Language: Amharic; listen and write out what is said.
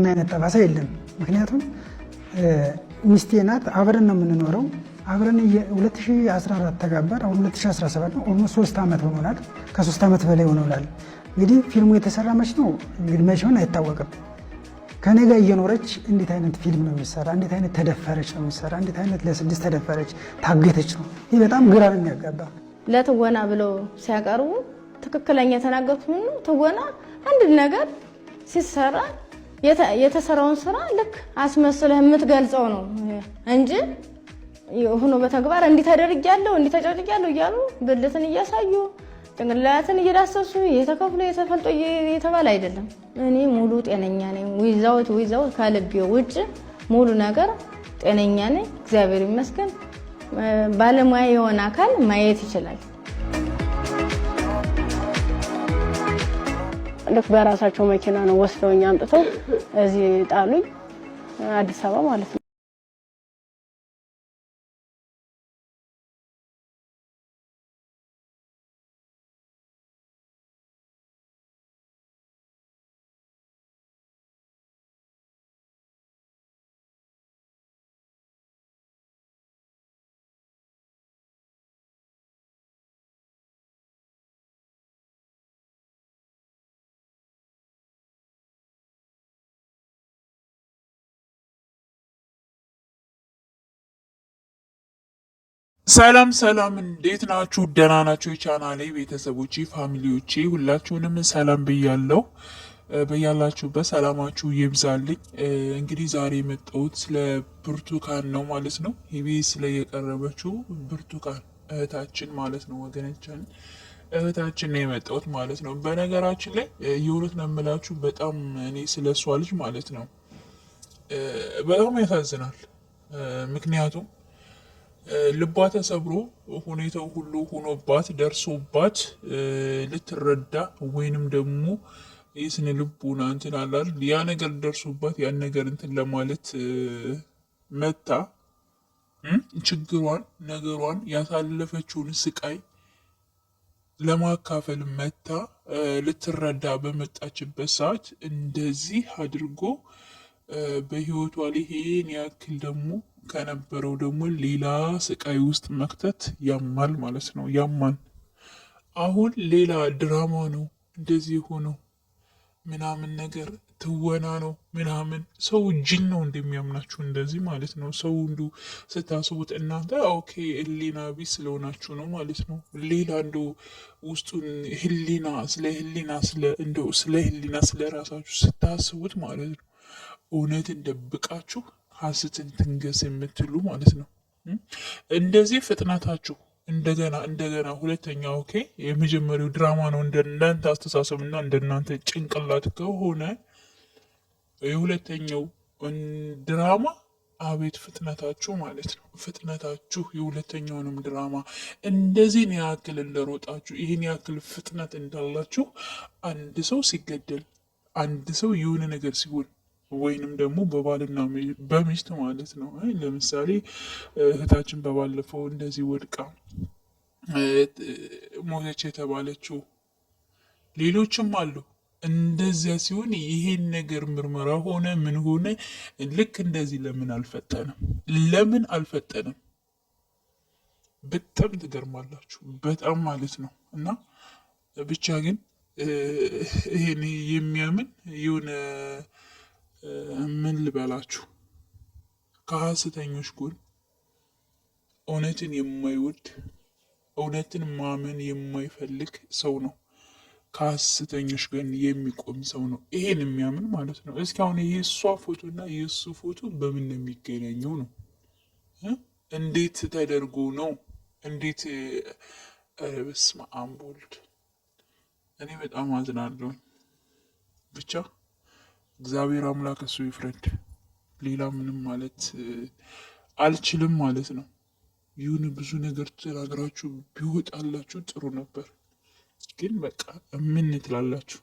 ምን አይነት ጠባሳ የለም። ምክንያቱም ሚስቴ ናት፣ አብረን ነው የምንኖረው። አብረን 2014 ተጋባን። አሁን 2017 ነው። ኦልሞስት ሶስት ዓመት ሆኖናል። ከሶስት ዓመት በላይ ሆኖናል። እንግዲህ ፊልሙ የተሰራ መች ነው እንግዲህ መች ሆን አይታወቅም። ከኔ ጋር እየኖረች እንዴት አይነት ፊልም ነው የሚሰራ? እንዴት አይነት ተደፈረች ነው የሚሰራ? እንዴት አይነት ለስድስት ተደፈረች ታገተች ነው? ይህ በጣም ግራ ነው የሚያጋባ። ለትወና ብለው ሲያቀርቡ ትክክለኛ የተናገርኩት ነው። ትወና አንድ ነገር ሲሰራ የተሰራውን ስራ ልክ አስመስለህ የምትገልጸው ነው እንጂ ሆኖ በተግባር እንዲህ ተደርጊያለሁ እንዲህ ተጨርጊያለሁ እያሉ ብልትን እያሳዩ ጭንቅላትን እየዳሰሱ የተከፍሎ የተፈልጦ የተባለ አይደለም። እኔ ሙሉ ጤነኛ ነኝ። ዊዛውት ዊዛውት ከልቤ ውጭ ሙሉ ነገር ጤነኛ ነኝ፣ እግዚአብሔር ይመስገን። ባለሙያ የሆነ አካል ማየት ይችላል። ልክ በራሳቸው መኪና ነው ወስደውኝ አምጥተው እዚህ ጣሉኝ፣ አዲስ አበባ ማለት ነው። ሰላም ሰላም፣ እንዴት ናችሁ? ደህና ናችሁ? የቻናሌ ቤተሰቦቼ ፋሚሊዎቼ፣ ሁላችሁንም ሰላም ብያለሁ። በያላችሁበት ሰላማችሁ ይብዛልኝ። እንግዲህ ዛሬ የመጣሁት ስለ ብርቱካን ነው ማለት ነው። ኢቢኤስ ላይ የቀረበችው ብርቱካን እህታችን ማለት ነው ወገኖቻችን እህታችን ነው የመጣሁት ማለት ነው። በነገራችን ላይ የእውነት ነው የምላችሁ በጣም እኔ ስለ እሷ ልጅ ማለት ነው በጣም ያሳዝናል። ምክንያቱም ልቧ ተሰብሮ ሁኔታው ሁሉ ሆኖባት ደርሶባት ልትረዳ ወይንም ደግሞ የስነ ልቡና እንትን አላል ያ ነገር ደርሶባት ያን ነገር እንትን ለማለት መታ ችግሯን ነገሯን ያሳለፈችውን ስቃይ ለማካፈል መታ ልትረዳ በመጣችበት ሰዓት እንደዚህ አድርጎ በህይወቷ ላይ ይሄን ያክል ደግሞ ከነበረው ደግሞ ሌላ ስቃይ ውስጥ መክተት ያማል ማለት ነው። ያማል። አሁን ሌላ ድራማ ነው እንደዚህ የሆነው ምናምን ነገር ትወና ነው ምናምን። ሰው ጅን ነው እንደሚያምናችሁ እንደዚህ ማለት ነው። ሰው እንዱ ስታስቡት እናንተ ኦኬ ህሊና ቢስ ስለሆናችሁ ነው ማለት ነው። ሌላ እንዶ ውስጡን ህሊና ስለ ህሊና ስለ ህሊና ስለ ራሳችሁ ስታስቡት ማለት ነው እውነትን ደብቃችሁ ሀስትን ትንገስ የምትሉ ማለት ነው። እንደዚህ ፍጥነታችሁ እንደገና እንደገና ሁለተኛ ኦኬ፣ የመጀመሪያው ድራማ ነው። እንደናንተ እና እንደናንተ ጭንቅላት ከሆነ የሁለተኛው ድራማ አቤት ፍጥነታችሁ ማለት ነው። ፍጥነታችሁ የሁለተኛውንም ድራማ እንደዚህን ያክል እንደሮጣችሁ ይህን ያክል ፍጥነት እንዳላችሁ አንድ ሰው ሲገደል፣ አንድ ሰው የሆነ ነገር ሲሆን ወይንም ደግሞ በባልና በሚስት ማለት ነው። ለምሳሌ እህታችን በባለፈው እንደዚህ ወድቃ ሞተች የተባለችው ሌሎችም አሉ። እንደዚያ ሲሆን ይሄን ነገር ምርመራ ሆነ ምን ሆነ ልክ እንደዚህ ለምን አልፈጠንም? ለምን አልፈጠንም? በጣም ትገርማላችሁ። በጣም ማለት ነው እና ብቻ ግን ይሄን የሚያምን የሆነ ምን ልበላችሁ ከሐሰተኞች ጎን እውነትን የማይወድ እውነትን ማመን የማይፈልግ ሰው ነው ከሐሰተኞች ጎን የሚቆም ሰው ነው። ይሄን የሚያምን ማለት ነው። እስኪ አሁን የእሷ ፎቶ እና የእሱ ፎቶ በምን ነው የሚገናኘው? ነው እንዴት ተደርጎ ነው እንዴት? ኧረ በስመ አብ ወልድ። እኔ በጣም አዝናለሁኝ ብቻ እግዚአብሔር አምላክ እሱ ይፍረድ። ሌላ ምንም ማለት አልችልም ማለት ነው። ይሁን ብዙ ነገር ተናግራችሁ ቢወጣላችሁ ጥሩ ነበር፣ ግን በቃ ምን ትላላችሁ?